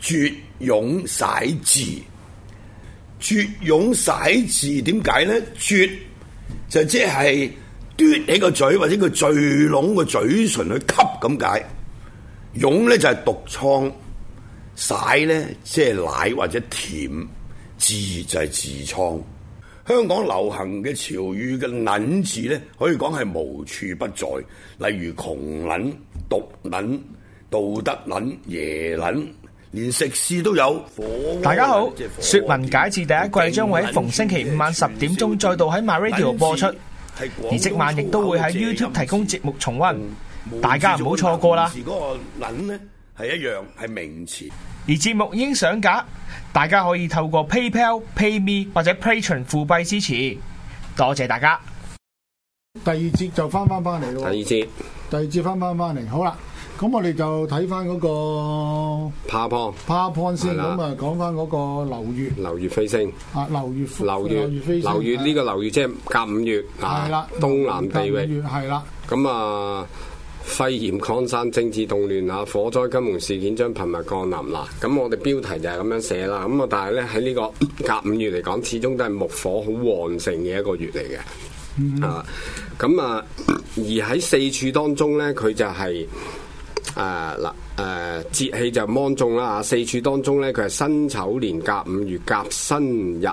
絕涌使字，絕涌使字點解呢？絕就即係嘟起個嘴或者個聚攏個嘴唇去吸咁解。涌呢就係、是、毒瘡，使呢即係奶或者甜，痔就係痔瘡。香港流行嘅潮語嘅捻字咧，可以講係無處不在。例如窮捻、毒捻、道德捻、耶捻。連食肆都有。大家好，《說文解字》第一季將會逢星期五晚十點鐘再度喺 MyRadio 播出，而即晚亦都會喺 YouTube 提供節目重溫，大家唔好錯過啦。個老泥呢係一樣係名詞。而節目已經上架，大家可以透過 PayPal、PayMe 或者 Patreon 付費支持，多謝大家。第二節就翻翻翻嚟。第二節，第二節翻翻翻嚟，好啦。咁我哋就睇翻嗰個趴 pon，趴 pon 先咁啊，講翻嗰個流月，流月飛星。啊，流月，流月，流月呢個流月即係甲午月啊，東南地域係啦。咁啊，肺炎擴散、政治動亂啊、火災金融事件將頻密降臨啦。咁我哋標題就係咁樣寫啦。咁啊，但係咧喺呢個甲午月嚟講，始終都係木火好旺盛嘅一個月嚟嘅啊。咁啊，而喺四處當中咧，佢就係。誒，嗱，誒節氣就芒種啦，四柱當中咧，佢係辛丑年甲午月甲申日，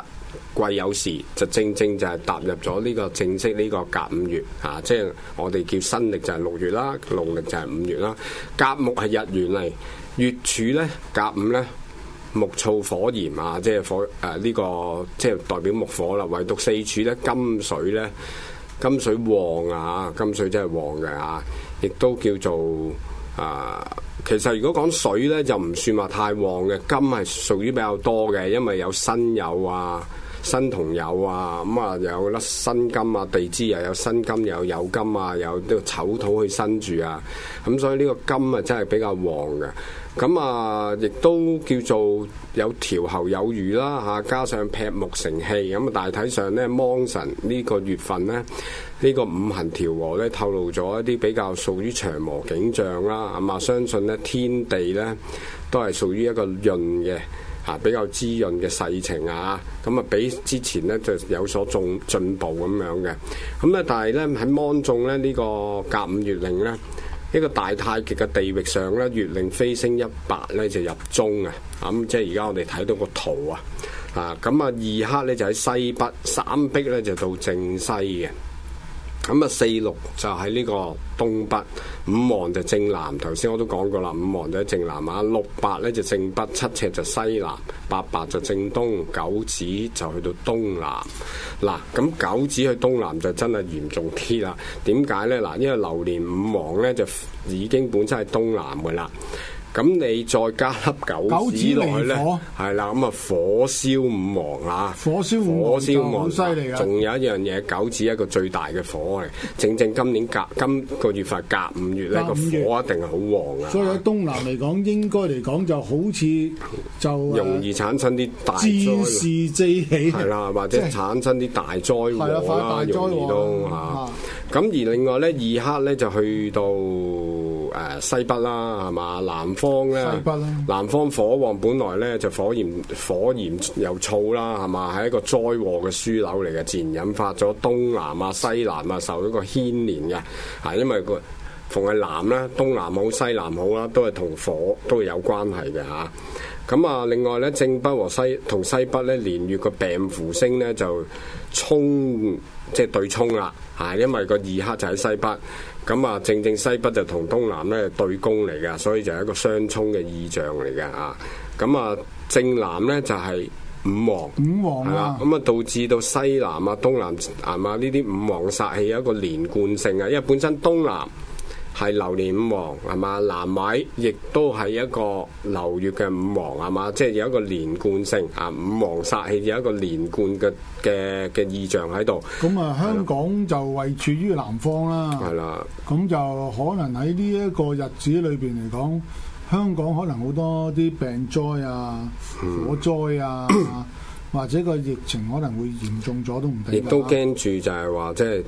貴有時，就正正就係踏入咗呢個正式呢個甲午月吓、啊，即係我哋叫新曆就係六月啦，農曆就係五月啦。甲木係日元嚟，月柱咧甲午咧木燥火炎啊，即係火誒呢、啊這個即係代表木火啦。唯獨四柱咧金水咧金水旺，水旺啊，金水真係旺嘅啊，亦都叫做。啊啊，uh, 其實如果講水呢，就唔算話太旺嘅，金係屬於比較多嘅，因為有新友啊，新同友啊，咁、嗯、啊有粒新金啊，地支、啊、又有新金，又有有金啊，有呢個丑土去生住啊，咁、嗯、所以呢個金啊真係比較旺嘅。咁啊，亦、嗯、都叫做有調候有餘啦，嚇，加上劈木成器，咁啊，大體上咧，芒神呢個月份咧，呢、這個五行調和咧，透露咗一啲比較屬於長和景象啦。咁、嗯、啊，相信咧天地咧都係屬於一個潤嘅嚇，比較滋潤嘅世情啊。咁啊，比之前咧就有所進進步咁樣嘅。咁啊，但係咧喺芒種咧呢、這個甲午月令咧。一個大太極嘅地域上咧，月令飛星一白咧就入中啊！咁即係而家我哋睇到個圖啊，啊咁啊二黑咧就喺西北，三碧咧就到正西嘅。咁啊，四綠就喺呢個東北，五黃就正南。頭先我都講過啦，五黃就正南嘛。六白咧就正北，七赤就西南，八白就正東，九紫就去到東南。嗱，咁九紫去東南就真係嚴重啲啦。點解咧？嗱，因為流年五黃咧就已經本身係東南嘅啦。咁你再加粒九紫落去咧，係啦，咁啊，火燒五黃啊，火燒五黃，犀利！仲有一樣嘢，九紫一個最大嘅火嚟，正正今年甲今個月份甲五月咧個火一定係好旺啊！所以喺東南嚟講，應該嚟講就好似就容易產生啲戰事即起，係啦，或者產生啲大災禍啦，容易都嚇。咁而另外咧，二黑咧就去到誒西北啦，係嘛南方。北南方火旺，本來咧就火炎，火炎又燥啦，係嘛，係一個災禍嘅樞紐嚟嘅，自然引發咗東南啊、西南啊受到個牽連嘅，吓，因為個。逢係南啦，東南好，西南好啦，都係同火都係有關係嘅嚇。咁啊，另外咧，正北和西同西，西北咧，連月個病符星咧就衝，即係對衝啦嚇。因為個二黑就喺西北，咁啊，正正西北就同東南咧對攻嚟嘅，所以就係一個相沖嘅意象嚟嘅啊。咁啊，正南咧就係五黃。五黃係啦，咁啊，導致到西南啊、東南南啊呢啲五黃殺氣有一個連貫性啊，因為本身東南。係流年五黃，係嘛，南米亦都係一個流月嘅五黃，係嘛，即係有一個連貫性啊，五黃煞氣有一個連貫嘅嘅嘅異象喺度。咁啊，香港就位處於南方啦，係啦、嗯，咁就可能喺呢一個日子裏邊嚟講，香港可能好多啲病災啊、火災啊，或者個疫情可能會嚴重咗都唔定。亦都驚住就係話即係。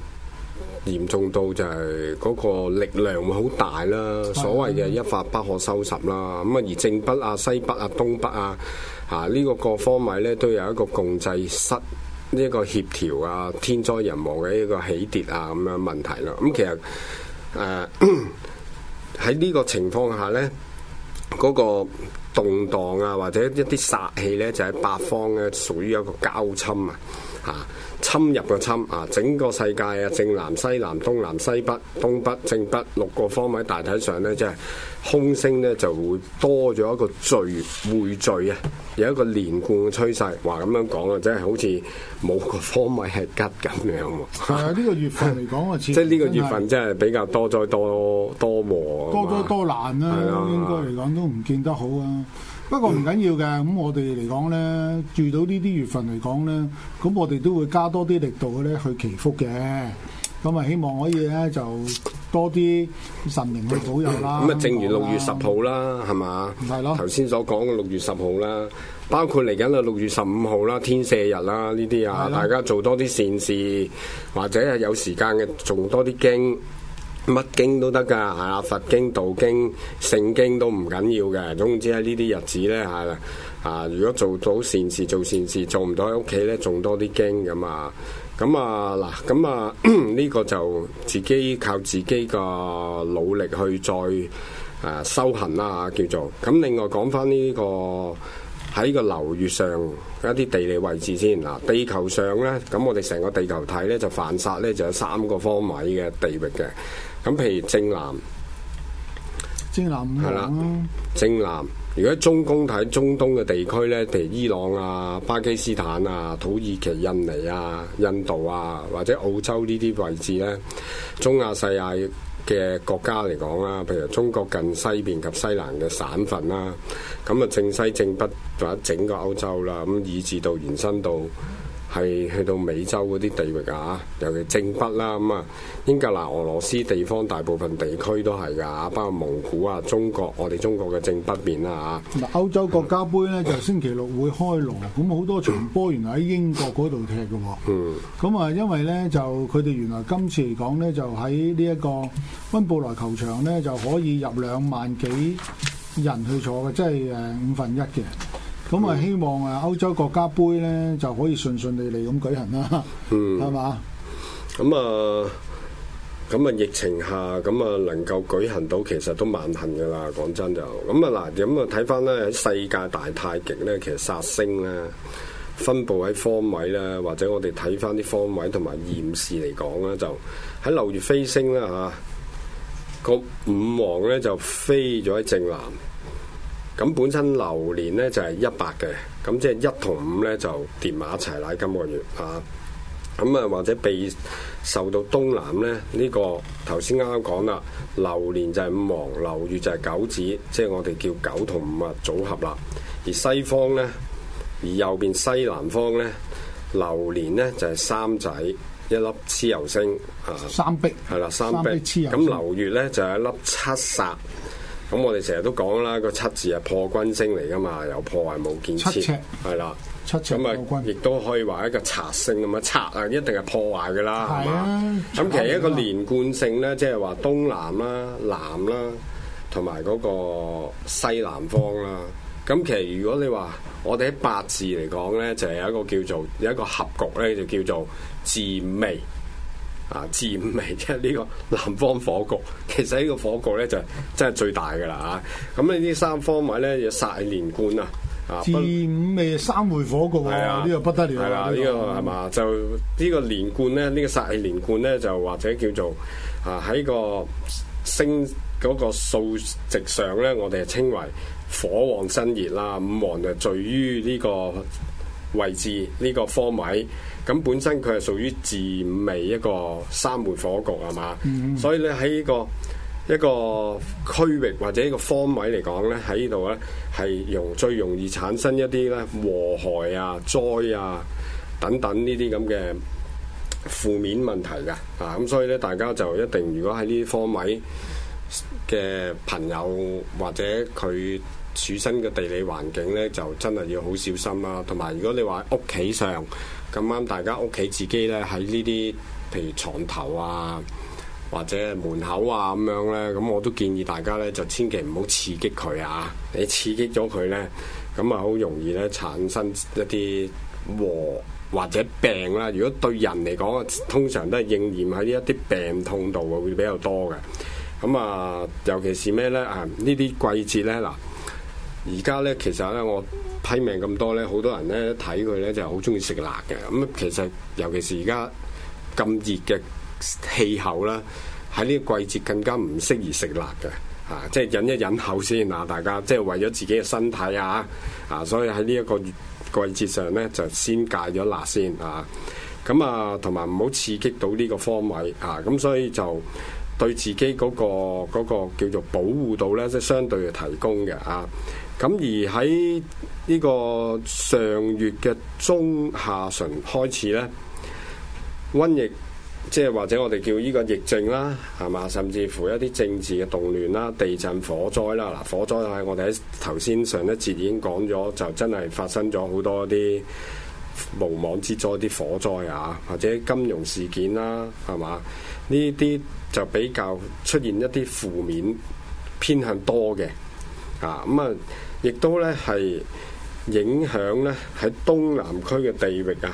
嚴重到就係嗰個力量會好大啦，所謂嘅一發不可收拾啦。咁啊，而正北啊、西北啊、東北啊，嚇、啊、呢、呢個各方位咧，都有一個共濟失呢一個協調啊，天災人亡嘅一個起跌啊咁樣問題啦。咁其實誒喺呢個情況下咧，嗰、嗰個動盪啊，或者一啲殺氣咧，就喺八方咧，屬於一個交侵啊，嚇。侵入個侵啊！整個世界啊，正南、西南、東南、西北、東北、正北六個方位，大體上咧，即係空星咧，就會多咗一個聚匯聚啊！有一個連貫嘅趨勢。話咁樣講啊，真係好似冇個方位係吉咁樣喎。係啊，呢個月份嚟講啊，即係呢個月份真係比較多災多多禍，多災多難啦。應該嚟講都唔見得好啊。不過唔緊要嘅，咁我哋嚟講呢，遇到呢啲月份嚟講呢，咁我哋都會加多啲力度咧去祈福嘅，咁啊希望可以咧就多啲神明去保佑啦。咁啊，正如六月十號啦，係嘛啦？唔係吧對咯？頭先所講嘅六月十號啦，包括嚟緊啊六月十五號啦，天赦日啦呢啲啊，對咯 大家做多啲善事，或者係有時間嘅，做多啲經。乜經都得噶，係啊，佛經、道經、聖經都唔緊要嘅。總之喺呢啲日子咧，係啦，啊，如果做到善事，做善事做唔到喺屋企咧，仲多啲經噶嘛。咁啊，嗱，咁啊，呢、啊這個就自己靠自己個努力去再誒、啊、修行啦，啊，叫做。咁、啊、另外講翻呢個喺個流月上一啲地理位置先。嗱、啊，地球上咧，咁我哋成個地球體咧就犯殺咧就有三個方位嘅地域嘅。咁譬如正南，正南啦、啊。正南。如果中東睇中東嘅地區咧，譬如伊朗啊、巴基斯坦啊、土耳其、印尼啊、印度啊，或者澳洲呢啲位置咧，中亞細亞嘅國家嚟講啦，譬如中國近西邊及西南嘅省份啦、啊，咁啊，正西正北仲有整個歐洲啦，咁以至到延伸到，係去到美洲嗰啲地域㗎，尤其正北啦，咁啊，英格蘭、俄羅斯地方大部分地區都係㗎，包括蒙古啊、中國，我哋中國嘅正北邊啦，嚇。嗱，歐洲國家杯咧就星期六會開鑼，咁好多場波原來喺英國嗰度踢嘅喎。嗯。咁啊，因為咧就佢哋原來今次嚟講咧，就喺呢一個温布萊球場咧，就可以入兩萬幾人去坐嘅，即係誒五分一嘅。咁啊，嗯、希望啊，歐洲國家杯咧就可以順順利利咁舉行啦。嗯，係嘛吧？咁啊、嗯，咁啊，疫情下，咁啊，能夠舉行到其實都萬幸噶啦。講真就，咁啊嗱，咁啊睇翻咧喺世界大太極咧，其實殺星咧，分布喺方位啦，或者我哋睇翻啲方位同埋驗視嚟講咧，就喺流月飛星啦嚇。個、啊、五黃咧就飛咗喺正南，咁本身流年咧就係、是、一白嘅，咁即係一同五咧就跌埋一齊啦。今個月啊，咁啊或者被受到東南咧呢、這個頭先啱啱講啦，流年就係五黃，流月就係九子，即係我哋叫九同五啊組合啦。而西方咧，而右邊西南方咧，流年咧就係、是、三仔一粒蚩油星啊，三碧係啦，三碧，咁流月咧就係、是、一粒七煞。咁我哋成日都講啦，個七字係破軍星嚟噶嘛，有破壞冇建設，係呎啦。咁啊，亦都可以話一個拆星咁啊，拆啊一定係破壞噶啦，係嘛？咁其實一個連貫性咧，即係話東南啦、啊、南啦、啊，同埋嗰個西南方啦、啊。咁其實如果你話我哋喺八字嚟講咧，就係有一個叫做有一個合局咧，就叫做字味。啊，字五味即係呢個南方火局，其實呢個火局咧就真係最大嘅啦嚇。咁你呢三方位咧就煞氣連貫啊！字五味三回火局啊，呢個不得了啊！呢個呢個係咪？就呢個連貫咧，呢個煞氣連貫咧，就或者叫做啊喺個星嗰個數值上咧，我哋稱為火旺新熱啦，五王就聚於呢個位置呢個方位，咁本身佢係屬於巳午未一個三門火局吖嘛，嗯嗯，所以咧喺呢個一個區域或者一個方位嚟講咧，喺呢度咧係容最容易產生一啲咧禍害啊、災啊等等呢啲咁嘅負面問題㗎，啊咁所以咧大家就一定如果喺呢啲方位嘅朋友或者佢。鼠身嘅地理環境咧，就真係要好小心啦、啊。同埋，如果你話屋企上咁啱，大家屋企自己咧喺呢啲，譬如床頭啊，或者門口啊咁樣咧，咁我都建議大家咧就千祈唔好刺激佢啊。你刺激咗佢咧，咁啊好容易咧產生一啲禍或者病啦、啊。如果對人嚟講，通常都係應驗喺呢一啲病痛度啊，會比較多嘅。咁啊，尤其是咩咧啊？呢啲季節咧嗱。而家咧，其實咧，我批命咁多咧，好多人咧睇佢咧就係好中意食辣嘅。咁其實尤其是而家咁熱嘅氣候啦，喺呢個季節更加唔適宜食辣嘅。嚇、啊，即係忍一忍口先啊！大家即係為咗自己嘅身體啊，啊，所以喺呢一個季節上咧就先戒咗辣先啊。咁啊，同埋唔好刺激到呢個方位啊。咁所以就對自己嗰個嗰個叫做保護到咧，即係相對嘅提供嘅啊。咁而喺呢個上月嘅中下旬開始呢瘟疫即係或者我哋叫呢個疫症啦，係嘛？甚至乎一啲政治嘅動亂啦、地震、火、火災啦，嗱，火災係我哋喺頭先上一節已經講咗，就真係發生咗好多啲無妄之災啲火災啊，或者金融事件啦，係嘛？呢啲就比較出現一啲負面偏向多嘅，啊，咁、嗯、啊～亦都咧係影響咧喺東南區嘅地域啊，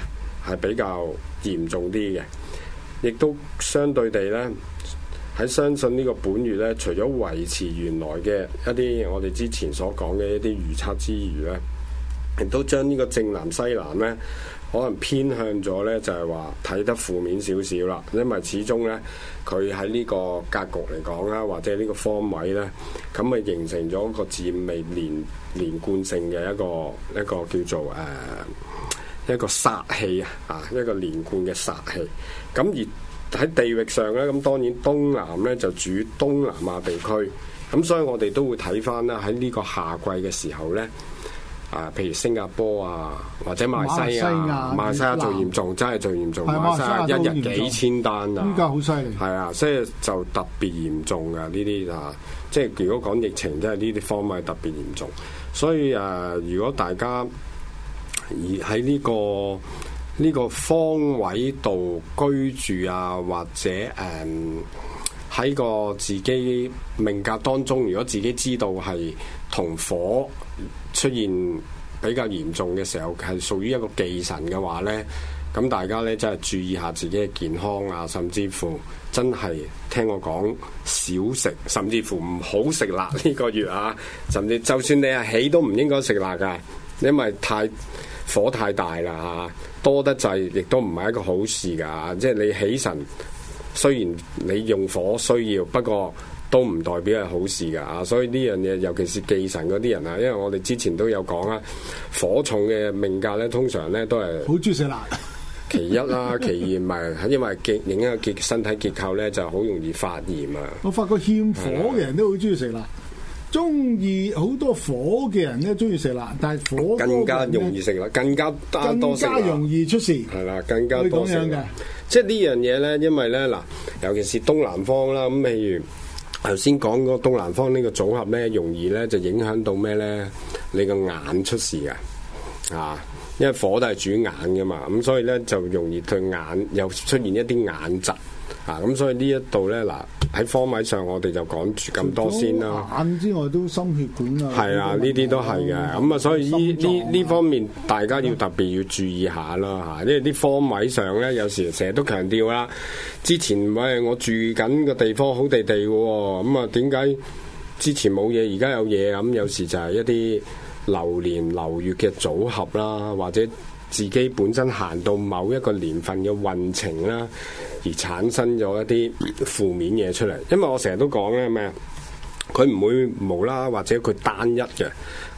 係比較嚴重啲嘅。亦都相對地咧，喺相信呢個本月咧，除咗維持原來嘅一啲我哋之前所講嘅一啲預測之餘咧。亦都將呢個正南西南呢，可能偏向咗呢，就係話睇得負面少少啦。因為始終呢，佢喺呢個格局嚟講啦，或者呢個方位呢，咁咪形成咗一個自然連連貫性嘅一個一個叫做誒、呃、一個煞氣啊！啊，一個連貫嘅煞氣。咁而喺地域上呢，咁當然東南呢，就主東南亞地區。咁所以我哋都會睇翻啦喺呢個夏季嘅時候呢。啊，譬如新加坡啊，或者馬來西亞，馬來西亞最嚴重，南真係最嚴重，馬來西亞都好嚴重，馬來西亞一日幾千單啊！依家好犀利，係啊，所以就特別嚴重噶呢啲啊，即係如果講疫情，真係呢啲方位特別嚴重。所以誒、啊，如果大家而喺呢個呢、呢個方位度居住啊，或者誒喺、嗯、個自己命格當中，如果自己知道係同火。出現比較嚴重嘅時候，係屬於一個忌神嘅話呢，咁大家呢，真係注意下自己嘅健康啊，甚至乎真係聽我講少食，甚至乎唔好食辣呢個月啊，甚至就算你呀起都唔應該食辣㗎，因為太火太大啦嚇，多得滯，亦都唔係一個好事㗎，即係你起神雖然你用火需要，不過，都唔代表係好事噶啊！所以呢樣嘢，尤其是忌神嗰啲人啊，因為我哋之前都有講啊，火重嘅命格咧，通常咧都係好中意食辣。其一啦，其二咪係因為影響個身體結構咧，就好容易發炎啊。我發覺欠火嘅人都好中意食辣，中意好多火嘅人咧，中意食辣，但係火更加容易食辣，更加多更加容易出事，係啦，更加多食嘅。即係呢樣嘢咧，因為咧嗱，尤其是東南方啦，咁譬如。頭先講嗰東南方呢個組合咧，容易咧就影響到咩咧？你個眼出事啊！啊，因為火都係主眼噶嘛，咁所以咧就容易對眼又出現一啲眼疾啊！咁所以呢一度咧嗱。喺方位上，我哋就講住咁多先啦。眼之外都心血管啊，係啊，呢啲都係嘅。咁啊，所以依呢呢方面，大家要特別要注意下啦嚇。嗯、因為啲方位上咧，有時成日都強調啦。之前喂我住緊嘅地方好地地嘅喎，咁啊點解之前冇嘢，而家有嘢？咁有時就係一啲流年流月嘅組合啦，或者。自己本身行到某一個年份嘅運程啦，而產生咗一啲負面嘢出嚟。因為我成日都講咧咩啊，佢唔會無啦，或者佢單一嘅，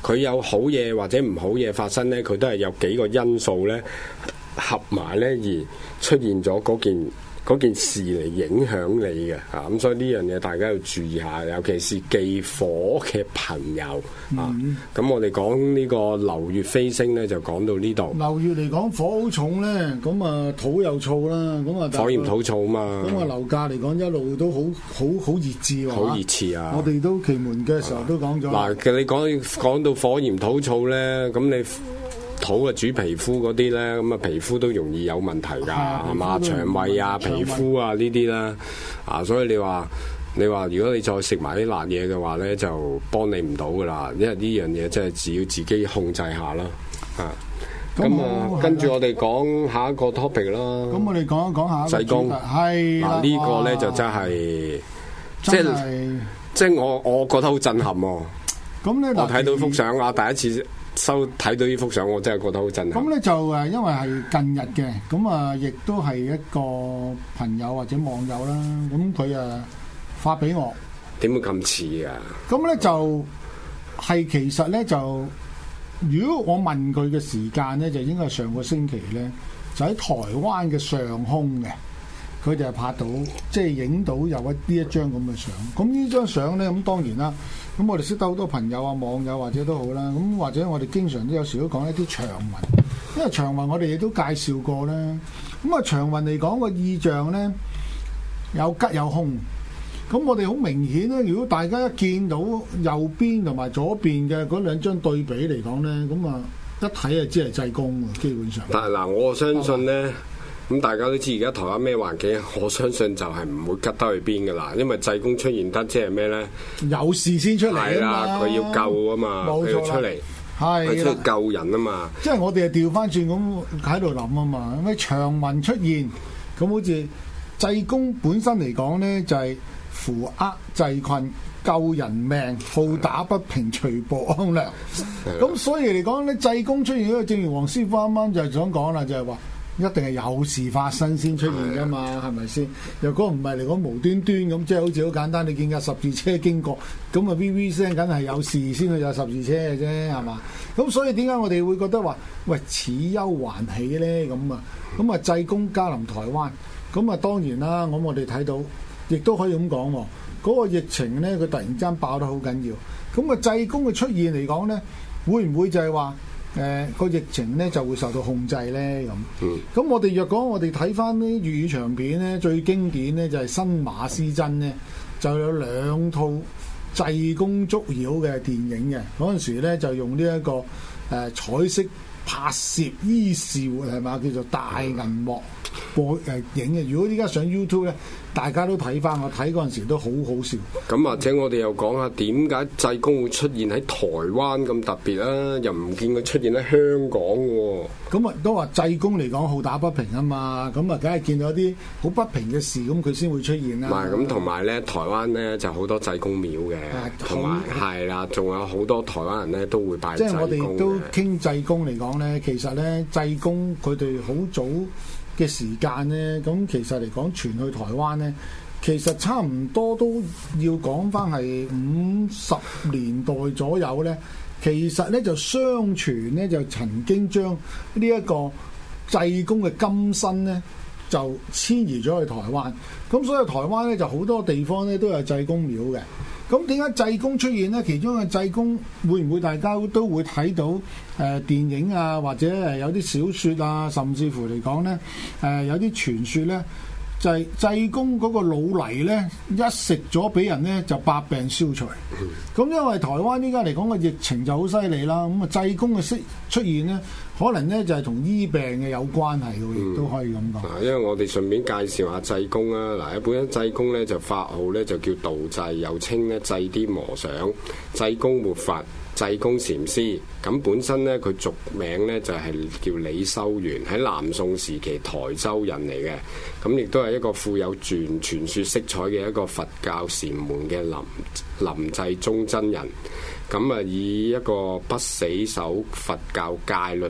佢有好嘢或者唔好嘢發生呢，佢都係有幾個因素呢，合埋呢，而出現咗嗰件嗰件事嚟影響你嘅嚇，咁、啊、所以呢樣嘢大家要注意下，尤其是忌火嘅朋友嚇。咁、啊嗯啊、我哋講呢個流月飛星咧，就講到呢度。流月嚟講火好重咧，咁啊土又燥啦，咁啊火炎土燥啊嘛。咁啊樓價嚟講一路都好好好熱熾喎。好熱熾啊！啊我哋都奇門嘅時候都講咗。嗱、啊，其實你講講到火炎土燥咧，咁你。肚啊，主皮膚嗰啲咧，咁啊皮膚都容易有問題噶，係嘛？腸胃啊、皮膚啊呢啲啦，啊，所以你話你話，如果你再食埋啲辣嘢嘅話咧，就幫你唔到噶啦，因為呢樣嘢即係只要自己控制下咯，啊。咁啊，跟住我哋講下一個 topic 啦。咁我哋講一講下濟公。係啊，呢個咧就真係即係即係我我覺得好震撼哦。咁咧，我睇到幅相啊，第一次。收睇到呢幅相，我真係覺得好震撼。咁咧就誒，因為係近日嘅，咁啊，亦都係一個朋友或者網友啦。咁佢啊，發俾我，點會咁似啊？咁咧就係其實咧就，如果我問佢嘅時間咧，就應該係上個星期咧，就喺台灣嘅上空嘅，佢就係拍到，即係影到有一呢一張咁嘅相。咁呢張相咧，咁當然啦。咁、嗯、我哋識得好多朋友啊、網友或者都好啦。咁或者我哋經常都有時都講一啲長文，因為長雲我哋亦都介紹過啦。咁啊，長雲嚟講個意象呢，有吉有兇。咁、嗯、我哋好明顯呢，如果大家一見到右邊同埋左邊嘅嗰兩張對比嚟講呢，咁啊一睇就知係濟公喎，基本上。但係嗱，我相信呢。嗯咁大家都知而家台灣咩環境，我相信就係唔會吉得去邊噶啦。因為濟公出現得即係咩咧？有事先出嚟啊嘛！佢要救啊嘛！冇出嚟，佢啦出救人啊嘛！即係我哋啊調翻轉咁喺度諗啊嘛！咩祥雲出現咁好似濟公本身嚟講咧，就係、是、扶厄濟困、救人命、抱打不平除、除暴安良。咁 所以嚟講咧，濟公出現，因為正如黃師傅啱啱就係想講啦，就係、是、話。一定係有事發生先出現㗎嘛，係咪先？若果唔係嚟講無端端咁，即係好似好簡單，你見架十字車經過，咁啊 V V 聲梗係有事先去有十字車嘅啫，係嘛？咁所以點解我哋會覺得話喂此憂還喜咧？咁啊，咁啊，濟公駕臨台灣，咁啊當然啦。咁我哋睇到，亦都可以咁講喎。嗰個疫情咧，佢突然間爆得好緊要，咁啊濟公嘅出現嚟講咧，會唔會就係話？誒個疫情咧就會受到控制咧，咁，咁、嗯、我哋若果我哋睇翻啲粵語長片咧，最經典咧就係、是、新馬師曾咧，就有兩套濟公捉妖嘅電影嘅，嗰陣時咧就用呢一個誒彩色拍攝，於時活係嘛，叫做大銀幕播誒影嘅，如果依家上 YouTube 咧。大家都睇翻，我睇嗰陣時都好好笑。咁 或者我哋又講下點解濟公會出現喺台灣咁特別啦、啊？又唔見佢出現喺香港喎、啊。咁啊 都話濟公嚟講好打不平啊嘛，咁啊梗係見到啲好不平嘅事，咁佢先會出現啦。唔係咁，同埋咧，台灣咧就好多濟公廟嘅，同埋係啦，仲有好多台灣人咧都會拜濟公。即係我哋都傾濟公嚟講咧，其實咧濟公佢哋好早。嘅時間呢，咁其實嚟講傳去台灣呢，其實差唔多都要講返係五十年代左右呢。其實呢，就相傳呢，就曾經將呢一個濟公嘅金身呢，就遷移咗去台灣，咁所以台灣呢，就好多地方呢，都有濟公廟嘅。咁點解濟公出現呢？其中嘅濟公會唔會大家都會睇到誒、呃、電影啊，或者誒有啲小説啊，甚至乎嚟講呢？誒、呃、有啲傳説呢。就係濟公嗰個老泥咧，一食咗俾人咧就百病消除。咁因為台灣依家嚟講個疫情就好犀利啦，咁啊濟公嘅出出現咧，可能咧就係、是、同醫病嘅有關係，佢亦都可以咁講、嗯。因為我哋順便介紹下濟公啦。嗱，一本身濟公咧就法號咧就叫道濟，又稱咧濟啲和尚，濟公活法。濟公禪師咁本身咧，佢俗名咧就係叫李修元，喺南宋時期台州人嚟嘅，咁亦都係一個富有傳傳說色彩嘅一個佛教禪門嘅臨臨濟宗真人，咁啊以一個不死守佛教戒律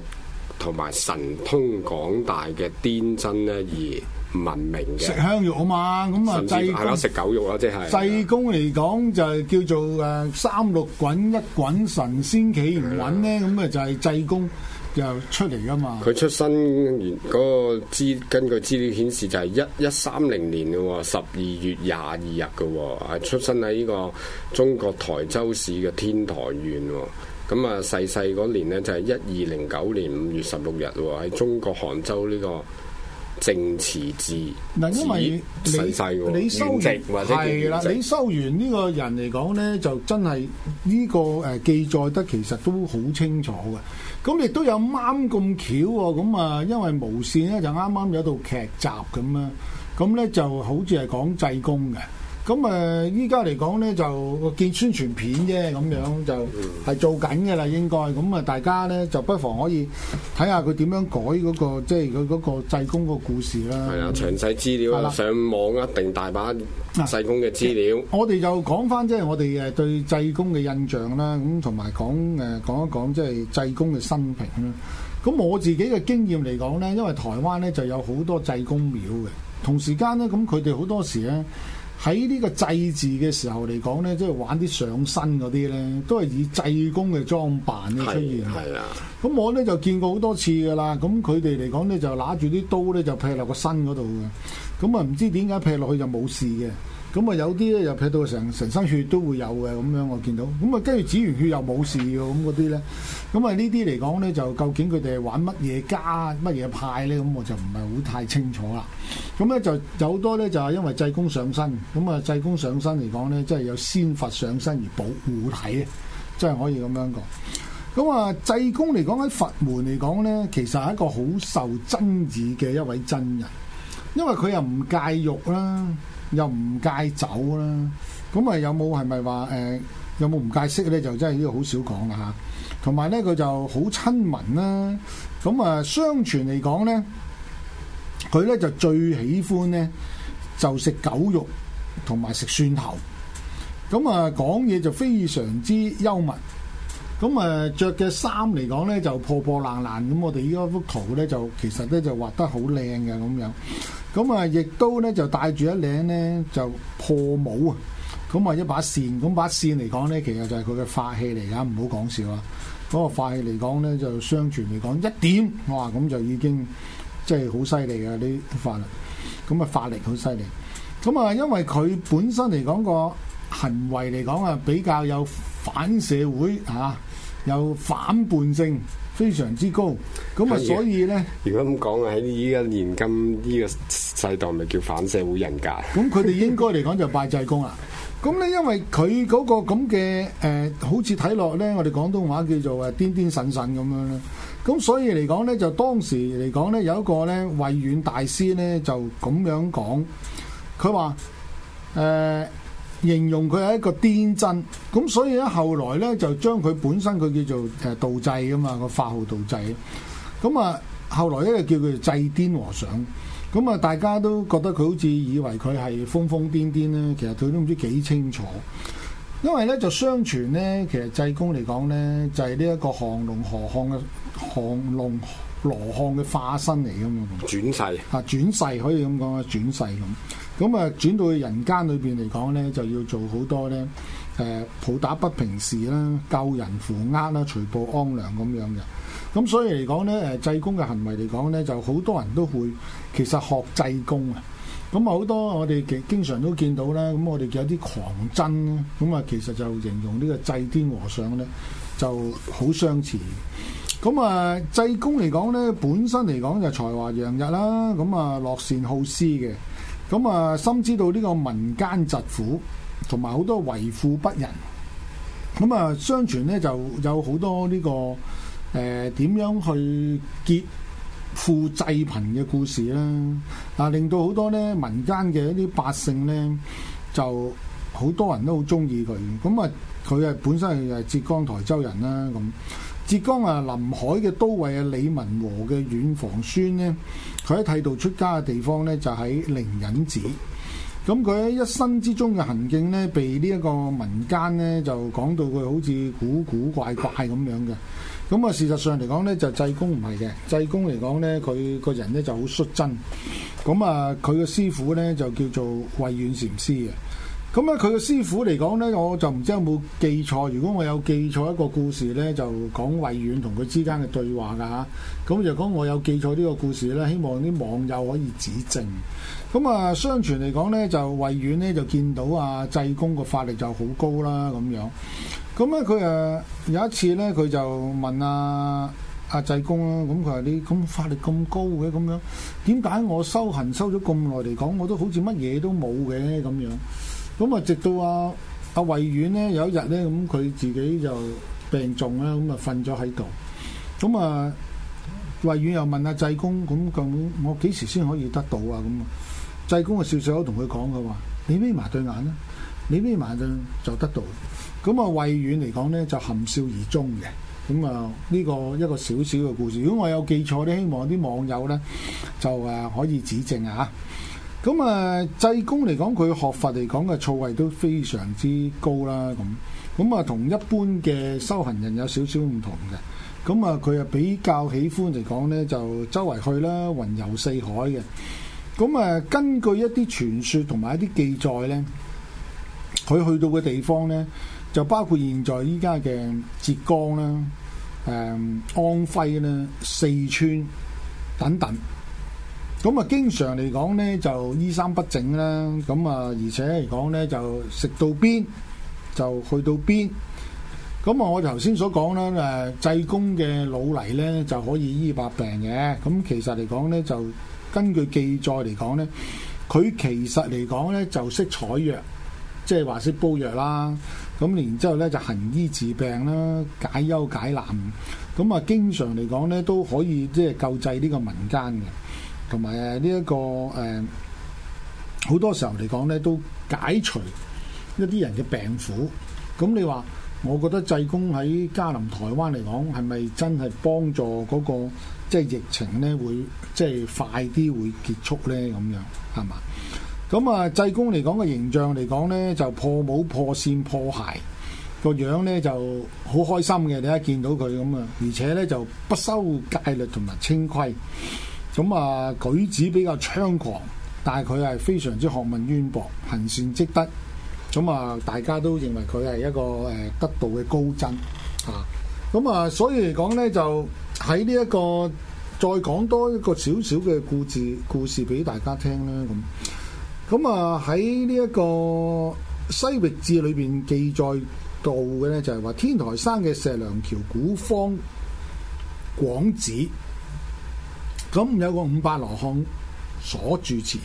同埋神通廣大嘅癲僧呢而。文明嘅食香肉啊嘛，咁、嗯、啊至濟係公咯食狗肉啊，即係濟公嚟講就係叫做，誒三六滾一滾神仙企唔穩咧，咁啊的就係濟公又出嚟噶嘛。佢出生嗰，那個資根據資料顯示就係一一三零年嘅十二月廿二日嘅，係出生喺呢個中國台州市嘅天台縣。咁啊逝世嗰年呢，就係一二零九年五月十六日喎，喺中國杭州呢，這個。正詞字，嗱子，因為你細細李修緣，係啦直，李修緣呢個人嚟講咧，就真係呢個誒記載得其實都好清楚嘅。咁亦都有啱咁巧喎，咁啊，因為無綫咧就啱啱有套劇集咁啊，咁咧就好似係講濟公嘅。咁誒，依家嚟講咧，就個見宣傳片啫，咁樣就係做緊嘅啦。應該，咁啊，大家咧就不妨可以睇下佢點樣改嗰個，即係佢嗰個濟公個故事啦。係啊，詳細資料上網一定大把濟公嘅資料。啊，我哋就講翻即係我哋誒對濟公嘅印象啦，咁同埋講誒講一講，即係濟公嘅生平啦。咁我自己嘅經驗嚟講咧，因為台灣咧就有好多濟公廟嘅，同時間咧，咁佢哋好多時咧。喺呢個祭祀嘅時候嚟講咧，即係玩啲上身嗰啲咧，都係以濟公嘅裝扮嚟出現嚇。咁 我咧就見過好多次㗎啦。咁佢哋嚟講咧就揦住啲刀咧就劈落個身嗰度嘅。咁啊，唔知點解劈落去就冇事嘅。咁啊，有啲咧又劈到成成身血都會有嘅，咁樣我見到。咁啊，跟住止完血又冇事嘅，咁嗰啲咧。那那咁啊！呢啲嚟講呢，就究竟佢哋係玩乜嘢家乜嘢派呢？咁我就唔係好太清楚啦。咁呢，就有好多呢，就係因為濟公上身。咁啊，濟公上身嚟講呢，即係有先佛上身而保護體，即係可以咁樣講。咁啊，濟公嚟講喺佛門嚟講呢，其實係一個好受爭議嘅一位真人，因為佢又唔戒肉啦，又唔戒酒啦。咁啊、呃，有冇係咪話誒？有冇唔戒色呢？就真係呢個好少講啦嚇。啊同埋咧，佢就好親民啦、啊。咁啊，相傳嚟講咧，佢咧就最喜歡咧就食狗肉同埋食蒜頭。咁啊，講嘢就非常之幽默。咁啊，着嘅衫嚟講咧就破破爛爛。咁我哋依家幅圖咧就其實咧就畫得好靚嘅咁樣。咁啊，亦都咧就戴住一頂咧就破帽啊！咁啊！一把扇，咁把扇嚟講咧，其實就係佢嘅法器嚟噶，唔好講笑啊！嗰、那個法器嚟講咧，就相傳嚟講一點，哇！咁就已經即係好犀利噶啲法力，咁啊法力好犀利。咁啊，因為佢本身嚟講個行為嚟講啊，比較有反社會啊，有反叛性非常之高。咁啊，所以咧，如果咁講喺呢個現今呢個世代，咪叫反社會人格。咁佢哋應該嚟講就拜濟公啊。 咁咧，因為佢嗰個咁嘅誒，好似睇落咧，我哋廣東話叫做誒癲癲神神咁樣咧。咁所以嚟講咧，就當時嚟講咧，有一個咧，慧遠大師咧，就咁樣講，佢話誒形容佢係一個癲真」。咁所以咧，後來咧就將佢本身佢叫做誒道濟噶嘛，個法號道濟。咁啊，後來咧就叫佢做濟癲和尚。咁啊，大家都覺得佢好似以為佢係瘋瘋癲癲咧，其實佢都唔知幾清楚。因為咧就相傳咧，其實濟公嚟講咧，就係呢一個降龍何降嘅降龍羅漢嘅化身嚟咁樣。轉世啊，轉世可以咁講啊，轉世咁。咁、嗯、啊，轉到去人間裏邊嚟講咧，就要做好多咧誒，抱打不平事啦，救人扶厄啦，除暴安良咁樣嘅。咁所以嚟講呢，誒濟公嘅行為嚟講呢，就好多人都會其實學濟公啊。咁啊，好多我哋經常都見到咧。咁我哋有啲狂僧咁啊，其實就形容呢個濟癲和尚呢就好相似。咁啊，濟公嚟講呢，本身嚟講就才華洋溢啦。咁啊，樂善好施嘅。咁啊，深知道呢個民間疾苦，同埋好多為富不仁。咁啊，相傳呢就有好多呢、呢個，誒點、呃、樣去劫富濟貧嘅故事咧？啊，令到好多咧民間嘅一啲百姓咧，就好多人都好中意佢。咁、嗯、啊，佢啊本身係係浙江台州人啦。咁、嗯、浙江啊，臨海嘅都尉啊李文和嘅遠房孫咧，佢喺剃度出家嘅地方咧就喺靈隱寺。咁佢喺一生之中嘅行徑咧，被呢一個民間咧就講到佢好似古古怪怪咁樣嘅。咁啊，事實上嚟講咧，就濟公唔係嘅。濟公嚟講咧，佢個人咧就好率真。咁啊，佢個師傅咧就叫做慧遠禪師嘅。咁啊，佢個師傅嚟講咧，我就唔知有冇記錯。如果我有記錯一個故事咧，就講慧遠同佢之間嘅對話㗎嚇。咁若果我有記錯呢個故事咧，希望啲網友可以指正。咁啊，相傳嚟講咧，就慧遠咧就見到啊濟公個法力就好高啦咁樣。咁咧，佢誒有一次咧，佢就問阿阿濟公啦。咁佢話：你咁法力咁高嘅，咁樣點解我修行修咗咁耐嚟講，我都好似乜嘢都冇嘅咁樣？咁啊，直到阿阿慧遠咧有一日咧，咁佢自己就病重啦，咁啊，瞓咗喺度。咁啊，慧遠又問阿、啊、濟公：咁、啊、咁，究竟我幾時先可以得道啊？咁啊，濟公啊，笑笑口同佢講：佢話你眯埋對眼啦，你眯埋就就得道。咁啊，魏遠嚟講咧就含笑而終嘅。咁啊，呢個一個少少嘅故事。如果我有記錯咧，希望啲網友咧就誒可以指正啊。吓，咁啊，濟公嚟講佢學法嚟講嘅造詣都非常之高啦。咁，咁啊，同一般嘅修行人有少少唔同嘅。咁啊，佢啊比較喜歡嚟講咧，就周圍去啦，雲遊四海嘅。咁啊，根據一啲傳說同埋一啲記載咧，佢去到嘅地方咧。就包括現在依家嘅浙江啦，誒、嗯，安徽啦，四川等等。咁啊，經常嚟講呢，就衣衫不整啦。咁啊，而且嚟講呢，就食到邊就去到邊。咁啊，我頭先所講啦，誒，濟公嘅老泥呢，就可以醫百病嘅。咁其實嚟講呢，就根據記載嚟講呢，佢其實嚟講呢，就識採藥，即係話識煲藥啦。咁然之後咧就行醫治病啦，解憂解難。咁啊，經常嚟講咧都可以即係救濟呢個民間嘅，同埋誒呢一個誒好、呃、多時候嚟講咧都解除一啲人嘅病苦。咁你話，我覺得濟公喺降臨台灣嚟講，係咪真係幫助嗰個即係疫情咧會即係快啲會結束咧咁樣係嘛？咁啊，濟公嚟講嘅形象嚟講呢，就破帽破扇破鞋，個樣呢，就好開心嘅。你一見到佢咁啊，而且呢，就不修戒律同埋清規。咁啊，舉止比較猖狂，但係佢係非常之學問淵博，行善積德。咁啊，大家都認為佢係一個誒得道嘅高僧。嚇、啊。咁啊，所以嚟講呢，就喺呢一個再講多一個少少嘅故事故事俾大家聽啦。咁。咁啊，喺呢一個《西域志》裏邊記載到嘅咧，就係話天台山嘅石梁橋古方廣寺，咁有個五百羅漢所住持。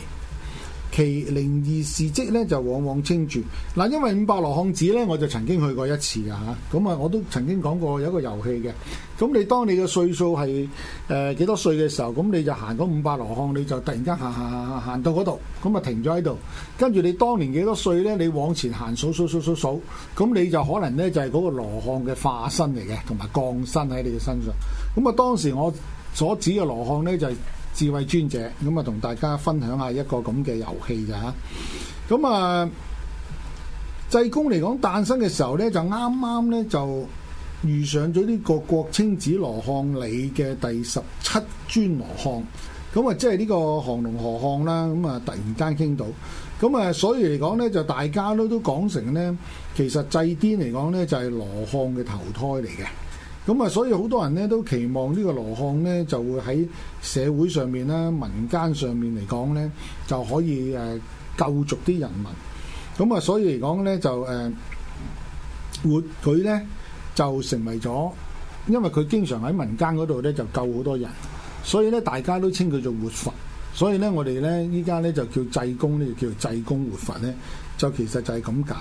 其靈異事蹟咧就往往清住嗱，因為五百羅漢子咧，我就曾經去過一次嘅嚇，咁啊我都曾經講過有一個遊戲嘅，咁你當你嘅歲數係誒幾多歲嘅時候，咁你就行嗰五百羅漢，你就突然間行行行行到嗰度，咁啊停咗喺度，跟住你當年幾多歲咧？你往前行數數數數數，咁你就可能咧就係、是、嗰個羅漢嘅化身嚟嘅，同埋降身喺你嘅身上。咁啊當時我所指嘅羅漢咧就係、是。智慧尊者咁啊，同大家分享下一個咁嘅遊戲咋？嚇。咁啊，濟公嚟講誕生嘅時候呢，就啱啱呢，就遇上咗呢個國清寺羅漢裏嘅第十七尊羅漢，咁啊，即係呢個降龍河漢啦。咁啊，突然間傾到，咁啊，所以嚟講呢，就大家都都講成呢，其實濟癲嚟講呢，就係羅漢嘅投胎嚟嘅。咁啊、嗯，所以好多人咧都期望呢個羅漢呢就會喺社會上面啦、民間上面嚟講呢，就可以誒、呃、救逐啲人民。咁、嗯、啊，所以嚟講呢，就誒、呃、活佢呢就成為咗，因為佢經常喺民間嗰度呢就救好多人，所以呢，大家都稱佢做活佛。所以呢，我哋呢依家呢就叫濟公呢就叫濟公活佛呢，就其實就係咁解。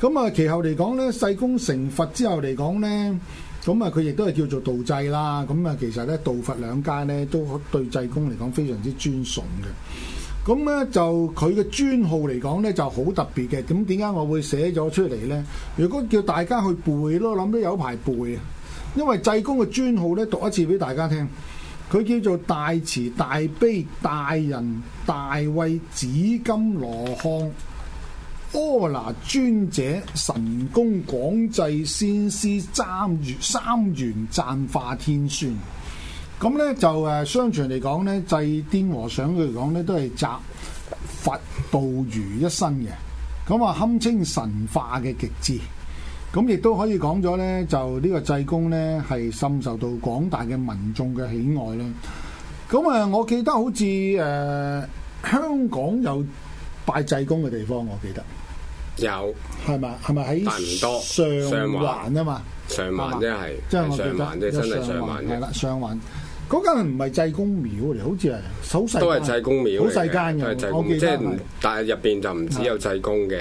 咁啊，其後嚟講呢，濟公成佛之後嚟講呢。咁啊，佢亦都係叫做道濟啦。咁啊，其實咧，道佛兩家咧都對濟公嚟講非常之尊崇嘅。咁咧就佢嘅尊號嚟講咧就好特別嘅。咁點解我會寫咗出嚟呢？如果叫大家去背咯，諗都有排背。因為濟公嘅尊號咧，讀一次俾大家聽，佢叫做大慈大悲大仁大慧紫金羅漢。柯那 尊者神功廣濟仙師，三月三元贊化天尊，咁呢就誒，相傳嚟講呢祭癲和尚佢嚟講咧都係集佛道儒一身嘅，咁啊堪稱神化嘅極致，咁亦都可以講咗呢就呢、這個濟公呢係深受到廣大嘅民眾嘅喜愛啦，咁、嗯、啊我記得好似誒、呃、香港有。拜濟公嘅地方，我記得有，係咪？係咪喺上環啊？嘛上環真係，上環啫，真係。上環係啦，上環嗰間唔係濟公廟嚟，好似係好細。都係濟公廟，好細間嘅。我記得，即係但係入邊就唔只有濟公嘅。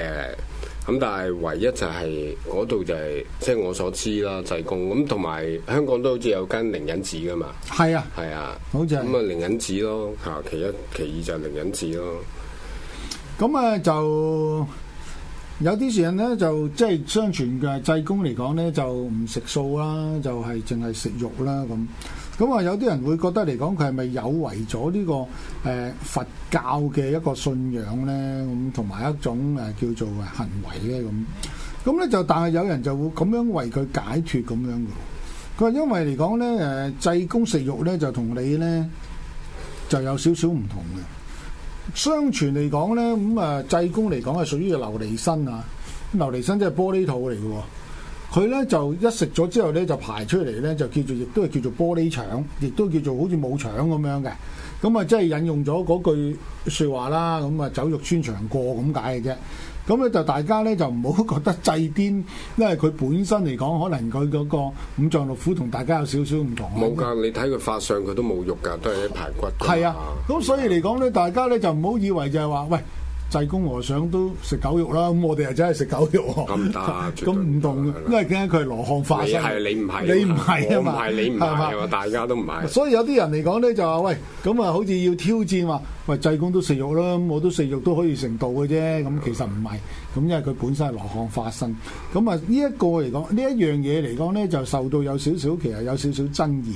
咁但係唯一就係嗰度就係，即係我所知啦，濟公咁同埋香港都好似有間靈隱寺噶嘛。係啊，係啊，好似咁啊，靈隱寺咯嚇。其一其二就係靈隱寺咯。咁啊，就有啲人咧，就即係相傳嘅濟公嚟講咧，就唔食素啦，就係淨係食肉啦咁。咁啊，有啲人會覺得嚟講，佢係咪有違咗呢、這個誒、呃、佛教嘅一個信仰咧？咁同埋一種誒、呃、叫做誒行為咧？咁咁咧就，但係有人就會咁樣為佢解脫咁樣嘅。佢話因為嚟講咧，誒、呃、濟公食肉咧，就同你咧就有少少唔同嘅。相傳嚟講呢，咁啊濟公嚟講係屬於琉璃身啊，琉璃身即係玻璃肚嚟嘅喎。佢呢就一食咗之後呢，就排出嚟呢，就叫做，亦都係叫做玻璃腸，亦都叫做好似冇腸咁樣嘅。咁啊，即係引用咗嗰句説話啦，咁啊酒肉穿腸過咁解嘅啫。咁咧就大家咧就唔好覺得濟癲，因為佢本身嚟講，可能佢嗰個五臟六腑同大家有少少唔同。冇㗎，你睇佢發相，佢都冇肉㗎，都係一排骨。係啊，咁所以嚟講咧，是啊、大家咧就唔好以為就係話，喂。濟公和尚都食狗肉啦，咁、嗯、我哋啊真係食狗肉，咁，咁唔同， 吧因為點解佢係羅漢化身你？你唔係，你唔係啊嘛，係，吧你唔係，大家都唔係。所以有啲人嚟講咧，就話喂，咁啊好似要挑戰話，喂濟公都食肉啦，咁我都食肉都可以成道嘅啫。咁、嗯、吧其實唔係。咁因為佢本身係羅漢化身，咁啊呢一個嚟講，講呢一樣嘢嚟講咧，就受到有少少其實有少少爭議，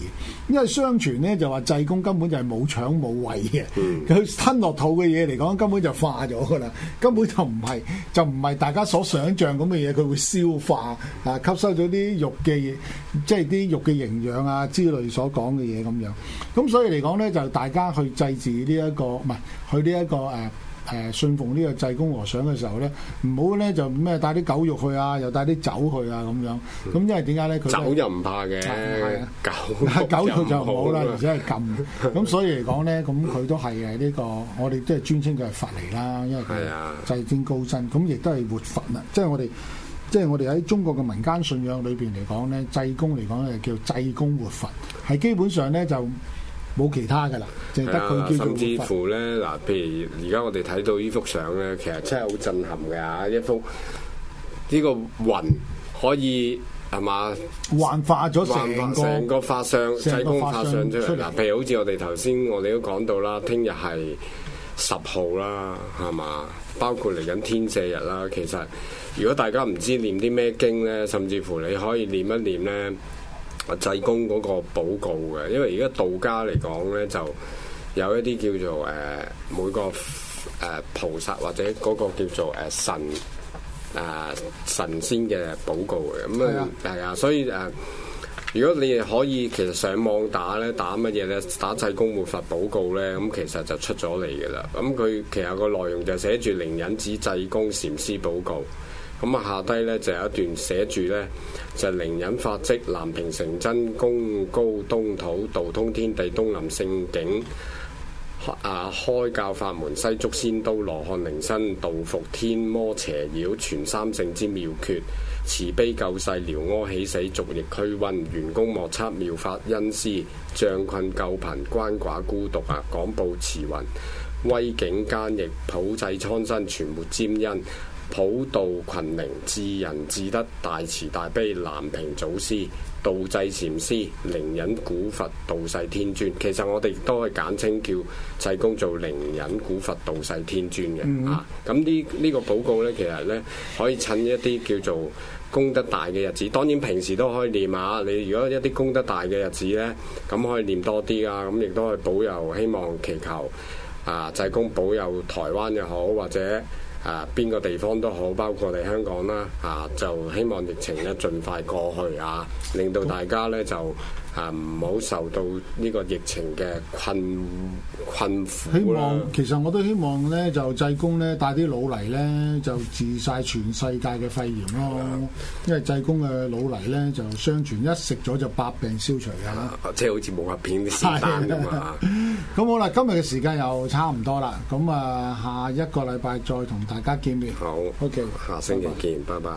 因為相傳咧就話濟公根本就係冇腸冇胃嘅，佢、嗯、吞落肚嘅嘢嚟講根本就化咗噶啦，根本就唔係就唔係大家所想像咁嘅嘢，佢會消化啊吸收咗啲肉嘅嘢，即係啲肉嘅營養啊之類所講嘅嘢咁樣。咁所以嚟講咧，就大家去祭祀呢、這、一個唔係去呢、這、一個誒。啊誒信奉呢個濟公和尚嘅時候咧，唔好咧就咩帶啲狗肉去啊，又帶啲酒去啊咁樣。咁因為點解咧？佢酒就唔怕嘅，狗狗肉就好啦，而且係禁。咁所以嚟講咧，咁佢都係誒呢個，我哋即係尊稱佢係佛嚟啦，因為佢係濟清高僧，咁亦 都係活佛啦。即係我哋，即係我哋喺中國嘅民間信仰裏邊嚟講咧，濟公嚟講係叫濟公活佛，係基本上咧就。就冇其他噶啦，係啊的！甚至乎咧，嗱，譬如而家我哋睇到呢幅相咧，其實真係好震撼嘅，一幅呢個雲可以係嘛幻化咗成成個法相，濟公法相出嚟。嗱來，譬如好似我哋頭先我哋都講到啦，聽日係十號啦，係嘛？包括嚟緊天赦日啦，其實如果大家唔知念啲咩經咧，甚至乎你可以念一念咧。我濟公嗰個報告嘅，因為而家道家嚟講咧，就有一啲叫做誒、呃、每個誒、呃、菩薩或者嗰個叫做誒神啊、呃、神仙嘅報告嘅，咁啊係啊，所以誒、呃，如果你係可以其實上網打咧，打乜嘢咧，打濟公活佛報告咧，咁、嗯、其實就出咗嚟嘅啦。咁、嗯、佢其實個內容就寫住靈隱寺濟公禪師報告。咁啊，下低呢，就有一段寫住呢就靈、是、隱法跡，南屏成真，功高東土，道通天地，東林聖境，啊開教法門，西竺仙都，羅漢靈身，道服天魔邪妖，全三性之妙訣，慈悲救世，療屙起死，逐疫驅瘟，圓功莫測，妙法恩師，仗困救貧，關寡寡孤獨啊，廣布慈雲，威境堅毅，普濟蒼生，全沒沾恩。普度群靈，至仁至德，大慈大悲，南平祖師，道濟禪師，靈隱古佛，道世天尊。其實我哋都可以簡稱叫濟公做靈隱古佛道世天尊嘅嚇。咁呢呢個報告呢，其實呢可以趁一啲叫做功德大嘅日子。當然平時都可以念嚇、啊。你如果一啲功德大嘅日子呢，咁可以念多啲啊。咁亦都可以保佑，希望祈求啊濟公保佑台灣又好，或者。啊，邊個地方都好，包括我哋香港啦，啊，就希望疫情咧盡快過去啊，令到大家咧就～啊！唔好受到呢個疫情嘅困困苦啦。希望其實我都希望咧，就濟公咧帶啲老泥咧，就治晒全世界嘅肺炎咯。嗯、因為濟公嘅老泥咧，就相傳一食咗就百病消除嘅啦、啊。即係好似武俠片啲師生咁的啊！咁 好啦，今日嘅時間又差唔多啦。咁啊，下一個禮拜再同大家見面。好，OK，下星期見，拜拜。